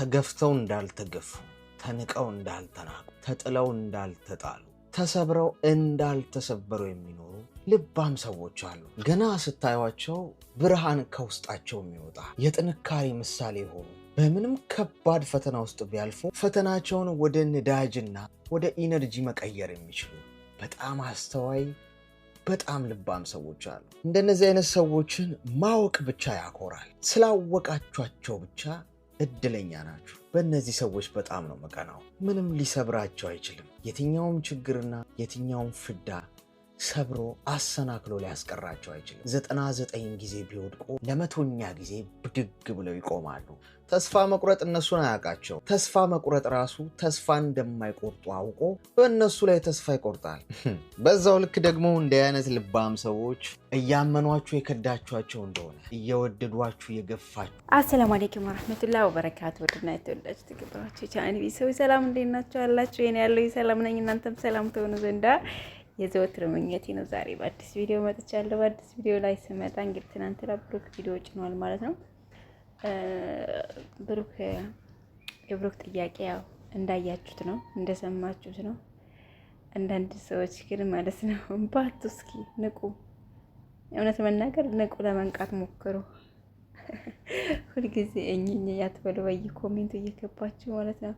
ተገፍተው እንዳልተገፉ፣ ተንቀው እንዳልተናቁ፣ ተጥለው እንዳልተጣሉ፣ ተሰብረው እንዳልተሰበሩ የሚኖሩ ልባም ሰዎች አሉ። ገና ስታዩቸው ብርሃን ከውስጣቸው የሚወጣ የጥንካሬ ምሳሌ የሆኑ በምንም ከባድ ፈተና ውስጥ ቢያልፉ ፈተናቸውን ወደ ነዳጅና ወደ ኢነርጂ መቀየር የሚችሉ በጣም አስተዋይ በጣም ልባም ሰዎች አሉ። እንደነዚህ አይነት ሰዎችን ማወቅ ብቻ ያኮራል። ስላወቃችኋቸው ብቻ እድለኛ ናችሁ። በእነዚህ ሰዎች በጣም ነው መቀናው። ምንም ሊሰብራቸው አይችልም። የትኛውም ችግርና የትኛውም ፍዳ ሰብሮ አሰናክሎ ሊያስቀራቸው አይችልም። ዘጠና ዘጠኝ ጊዜ ቢወድቁ ለመቶኛ ጊዜ ብድግ ብለው ይቆማሉ። ተስፋ መቁረጥ እነሱን አያውቃቸው። ተስፋ መቁረጥ ራሱ ተስፋ እንደማይቆርጡ አውቆ በእነሱ ላይ ተስፋ ይቆርጣል። በዛው ልክ ደግሞ እንዲህ አይነት ልባም ሰዎች እያመኗችሁ የከዳችኋቸው እንደሆነ እየወደዷችሁ የገፋችሁ። አሰላሙ አለይኩም ወረሕመቱላሂ ወበረካቱ። ውድና የተወዳችሁ ተከበራችሁ ቻናል ቤተሰቦች ሰላም እንዴት ናችሁ? አላችሁ? የኔ ያለው ሰላም ነኝ። እናንተም ሰላም ተሆኑ ዘንዳ የዘወትር ምኞቴ ነው። ዛሬ በአዲስ ቪዲዮ መጥቻለሁ። በአዲስ ቪዲዮ ላይ ስመጣ እንግዲህ ትናንትና ብሩክ ቪዲዮ ጭኗል ማለት ነው። ብሩክ የብሩክ ጥያቄ ያው እንዳያችሁት ነው፣ እንደሰማችሁት ነው። አንዳንድ ሰዎች ግን ማለት ነው ባቱ እስኪ ንቁ፣ እውነት መናገር ንቁ፣ ለመንቃት ሞክሩ። ሁልጊዜ እኝኝ ያትበሉ በይ ኮሜንቱ እየገባችሁ ማለት ነው።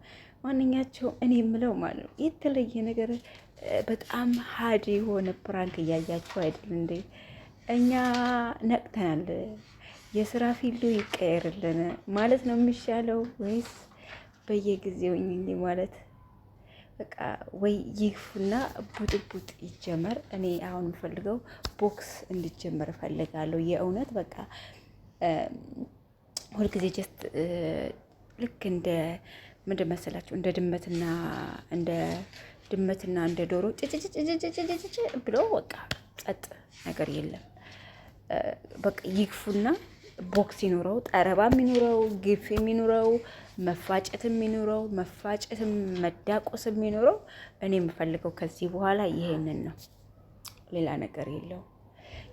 ማንኛቸው እኔ የምለው ማለት ነው የተለየ ነገር በጣም ሀድ የሆነ ፕራንክ እያያችሁ አይደል እንዴ? እኛ ነቅተናል። የስራ ፊሉ ይቀየርልን ማለት ነው የሚሻለው ወይስ በየጊዜው እኝኝ ማለት በቃ ወይ ይግፉና ቡጥቡጥ ይጀመር። እኔ አሁን የምፈልገው ቦክስ እንዲጀመር እፈልጋለሁ የእውነት በቃ ሁልጊዜ ጀስት ልክ እንደ ምንድን መሰላችሁ እንደ ድመትና እንደ ድመትና እንደ ዶሮ ጭጭጭጭጭጭጭ ብሎ በቃ ጸጥ ነገር የለም። በቃ ይግፉና ቦክስ ይኑረው፣ ጠረባ የሚኑረው፣ ግፍ የሚኑረው፣ መፋጨት የሚኑረው፣ መፋጨት መዳቆስ የሚኑረው። እኔ የምፈልገው ከዚህ በኋላ ይሄንን ነው። ሌላ ነገር የለው።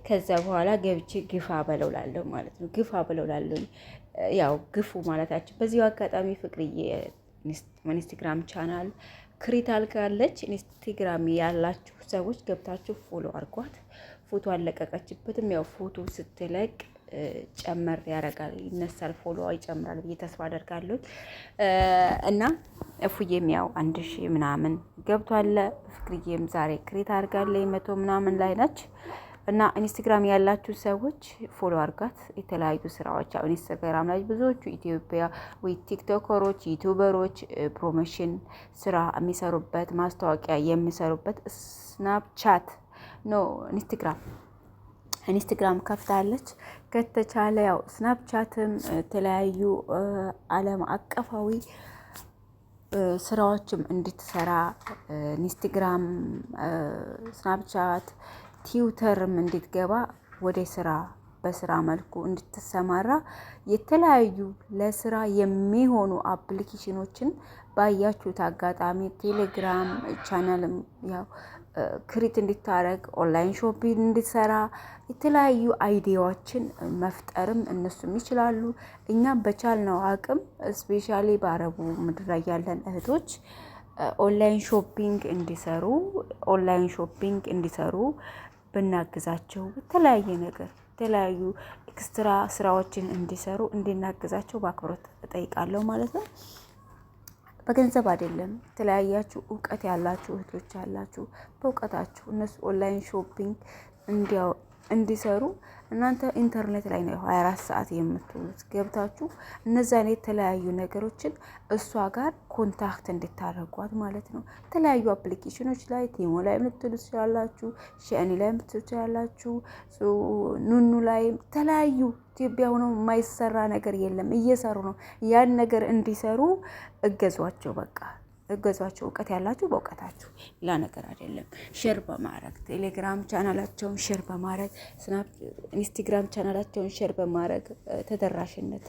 ከዛ በኋላ ገብቼ ግፋ በለው ላለሁ ማለት ነው። ግፋ በለው ላለሁ ያው ግፉ ማለታችን። በዚሁ አጋጣሚ ፍቅርዬ ኢንስታግራም ቻናል ክሪት አልካለች። ኢንስታግራም ያላችሁ ሰዎች ገብታችሁ ፎሎ አርጓት ፎቶ አለቀቀችበትም ያው ፎቶ ስትለቅ ጨመር ያደርጋል ይነሳል፣ ፎሎ ይጨምራል ብዬ ተስፋ አደርጋለሁ። እና እፉዬም ያው አንድ ሺህ ምናምን ገብቷለ። ፍቅርዬም ዛሬ ክሬት አድርጋለች መቶ ምናምን ላይ ነች። እና ኢንስታግራም ያላችሁ ሰዎች ፎሎ አርጋት። የተለያዩ ስራዎች አሁን ኢንስታግራም ላይ ብዙዎቹ ኢትዮጵያ ወይ ቲክቶከሮች፣ ዩቱበሮች ፕሮሞሽን ስራ የሚሰሩበት ማስታወቂያ የሚሰሩበት ስናፕቻት ኖ ኢንስታግራም ኢንስታግራም ከፍታለች። ከተቻለ ያው ስናፕቻትም የተለያዩ ዓለም አቀፋዊ ስራዎችም እንድትሰራ ኢንስታግራም፣ ስናፕቻት ቲዩተርም እንድትገባ ወደ ስራ በስራ መልኩ እንድትሰማራ የተለያዩ ለስራ የሚሆኑ አፕሊኬሽኖችን ባያችሁት አጋጣሚ ቴሌግራም ቻናልም ያው ክሪት እንድታረግ ኦንላይን ሾፒንግ እንድትሰራ የተለያዩ አይዲያዎችን መፍጠርም እነሱም ይችላሉ። እኛም በቻልነው አቅም ስፔሻሊ በአረቡ ምድር ላይ ያለን እህቶች ኦንላይን ሾፒንግ እንዲሰሩ ኦንላይን ሾፒንግ እንዲሰሩ ብናግዛቸው የተለያየ ነገር የተለያዩ ኤክስትራ ስራዎችን እንዲሰሩ እንድናግዛቸው በአክብሮት እጠይቃለሁ ማለት ነው። በገንዘብ አይደለም። የተለያያችሁ እውቀት ያላችሁ እህቶች ያላችሁ በእውቀታችሁ እነሱ ኦንላይን ሾፒንግ እንዲያው እንዲሰሩ እናንተ ኢንተርኔት ላይ ነው 24 ሰዓት የምትውሉት። ገብታችሁ እነዛን የተለያዩ ነገሮችን እሷ ጋር ኮንታክት እንድታደርጓት ማለት ነው። የተለያዩ አፕሊኬሽኖች ላይ ቲሞ ላይ የምትሉ ትችላላችሁ፣ ሸኒ ላይ የምትሉ ትችላላችሁ፣ ኑኑ ላይ ተለያዩ። ኢትዮጵያ ሆነው የማይሰራ ነገር የለም፣ እየሰሩ ነው። ያን ነገር እንዲሰሩ እገዟቸው በቃ። እገዟቸው። እውቀት ያላችሁ በእውቀታችሁ፣ ሌላ ነገር አይደለም። ሼር በማድረግ ቴሌግራም ቻናላቸውን ሼር በማድረግ ስናፕ፣ ኢንስቲግራም ቻናላቸውን ሼር በማድረግ ተደራሽነት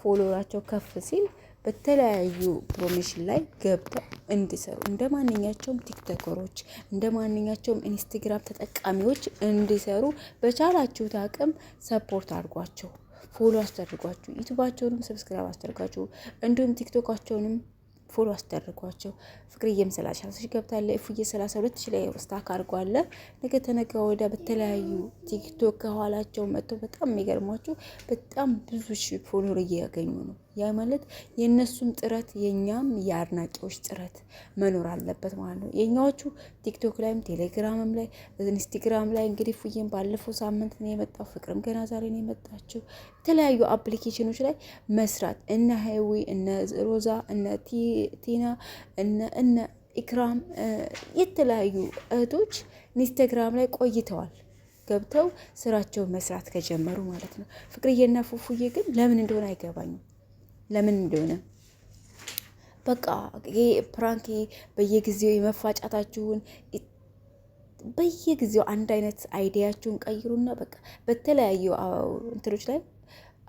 ፎሎራቸው ከፍ ሲል በተለያዩ ፕሮሞሽን ላይ ገብተ እንዲሰሩ እንደ ማንኛቸውም ቲክቶከሮች እንደ ማንኛቸውም ኢንስታግራም ተጠቃሚዎች እንዲሰሩ በቻላችሁት አቅም ሰፖርት አድርጓቸው፣ ፎሎ አስደርጓችሁ፣ ዩቱባቸውንም ሰብስክራይብ አስደርጋችሁ እንዲሁም ቲክቶካቸውንም ፎሎ አስደርጓቸው። ፍቅርዬም ሰላሳ ሶስት ገብታለ እፉዬ ሰላሳ ሁለት ሺ ላይ ስታክ አድርጓለ። ነገ ተነጋ ወዳ በተለያዩ ቲክቶክ ከኋላቸው መጥቶ በጣም የሚገርሟቸው በጣም ብዙ ሺ ፎሎር እያገኙ ነው። ያ ማለት የእነሱም ጥረት የእኛም የአድናቂዎች ጥረት መኖር አለበት ማለት ነው። የእኛዎቹ ቲክቶክ ላይም ቴሌግራምም ላይ ኢንስቲግራም ላይ እንግዲህ ፉዬም ባለፈው ሳምንት ነው የመጣው፣ ፍቅርም ገና ዛሬ ነው የመጣችው። የተለያዩ አፕሊኬሽኖች ላይ መስራት እነ ሀይዊ እነ ሮዛ እነ ቲና እነ ኢክራም የተለያዩ እህቶች ኢንስታግራም ላይ ቆይተዋል ገብተው ስራቸውን መስራት ከጀመሩ ማለት ነው። ፍቅርዬና ፉፉዬ ግን ለምን እንደሆነ አይገባኝም። ለምን እንደሆነ በቃ ይሄ ፕራንኬ በየጊዜው የመፋጫታችሁን በየጊዜው አንድ አይነት አይዲያችሁን ቀይሩና በቃ በተለያዩ እንትኖች ላይ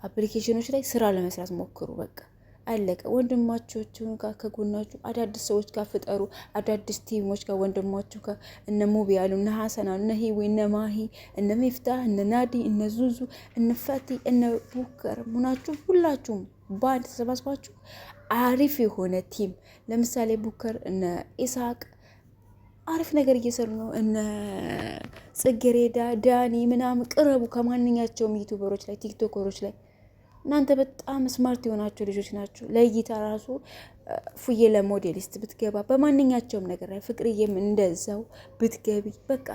አፕሊኬሽኖች ላይ ስራ ለመስራት ሞክሩ። በቃ አለቀ። ወንድማቾቹን ጋር ከጎናችሁ አዳዲስ ሰዎች ጋር ፍጠሩ። አዳዲስ ቲሞች ጋር ወንድማችሁ ጋር እነ ሙቢ ያሉ እነ ሀሰና እነ ሂዊ እነ ማሂ እነ ሚፍታህ እነ ናዲ እነ ዙዙ እነ ፈቲ እነ ቡከር ሙናችሁ ሁላችሁም በአንድ ተሰባስባችሁ አሪፍ የሆነ ቲም ለምሳሌ ቡከር እነ ኢስሐቅ አሪፍ ነገር እየሰሩ ነው። እነ ጽጌሬዳ ዳኒ ምናምን ቅረቡ ከማንኛቸውም ዩቱበሮች ላይ ቲክቶከሮች ላይ እናንተ በጣም ስማርት የሆናቸው ልጆች ናቸው። ለእይታ ራሱ ፉዬ ለሞዴሊስት ብትገባ በማንኛቸውም ነገር ላይ ፍቅርዬም እንደዛው ብትገቢ በቃ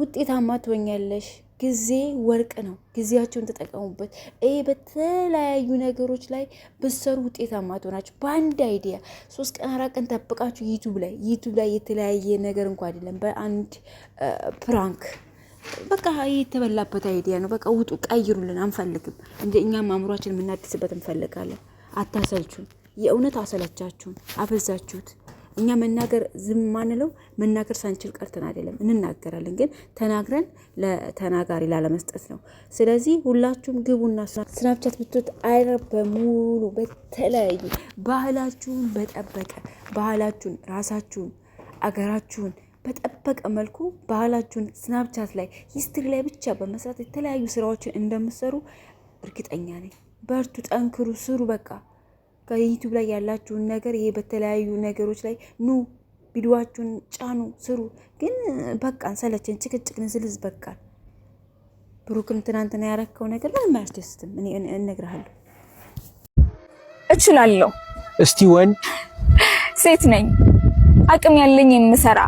ውጤታማ ትሆኛለሽ። ጊዜ ወርቅ ነው። ጊዜያቸውን ተጠቀሙበት። ይሄ በተለያዩ ነገሮች ላይ ብሰሩ ውጤታማ ትሆናችሁ። በአንድ አይዲያ ሶስት ቀን አራት ቀን ጠብቃችሁ ዩቱብ ላይ ዩቱብ ላይ የተለያየ ነገር እንኳ አይደለም፣ በአንድ ፕራንክ በቃ የተበላበት አይዲያ ነው። በቃ ውጡ፣ ቀይሩልን፣ አንፈልግም። እንደ እኛም አእምሯችን የምናድስበት እንፈልጋለን። አታሰልቹን። የእውነት አሰለቻችሁን፣ አበዛችሁት። እኛ መናገር ዝም ማንለው መናገር ሳንችል ቀርተን አይደለም፣ እንናገራለን። ግን ተናግረን ለተናጋሪ ላለመስጠት ነው። ስለዚህ ሁላችሁም ግቡና ስናብቻት ብትት አይረር በሙሉ በተለያዩ ባህላችሁን በጠበቀ ባህላችሁን ራሳችሁን አገራችሁን በጠበቀ መልኩ ባህላችሁን ስናብቻት ላይ ሂስትሪ ላይ ብቻ በመስራት የተለያዩ ስራዎችን እንደምትሰሩ እርግጠኛ ነኝ። በርቱ፣ ጠንክሩ፣ ስሩ። በቃ ከዩቲዩብ ላይ ያላችሁን ነገር ይሄ በተለያዩ ነገሮች ላይ ኑ ቪዲዮዋችሁን ጫኑ ስሩ። ግን በቃን፣ ሰለችን፣ ጭቅጭቅን ስልዝ በቃን። ብሩክም ትናንትና ያረከው ነገር ምንም አያስደስትም። እኔ እነግርሃለሁ፣ እችላለሁ። እስቲ ወንድ ሴት ነኝ አቅም ያለኝ የምሰራ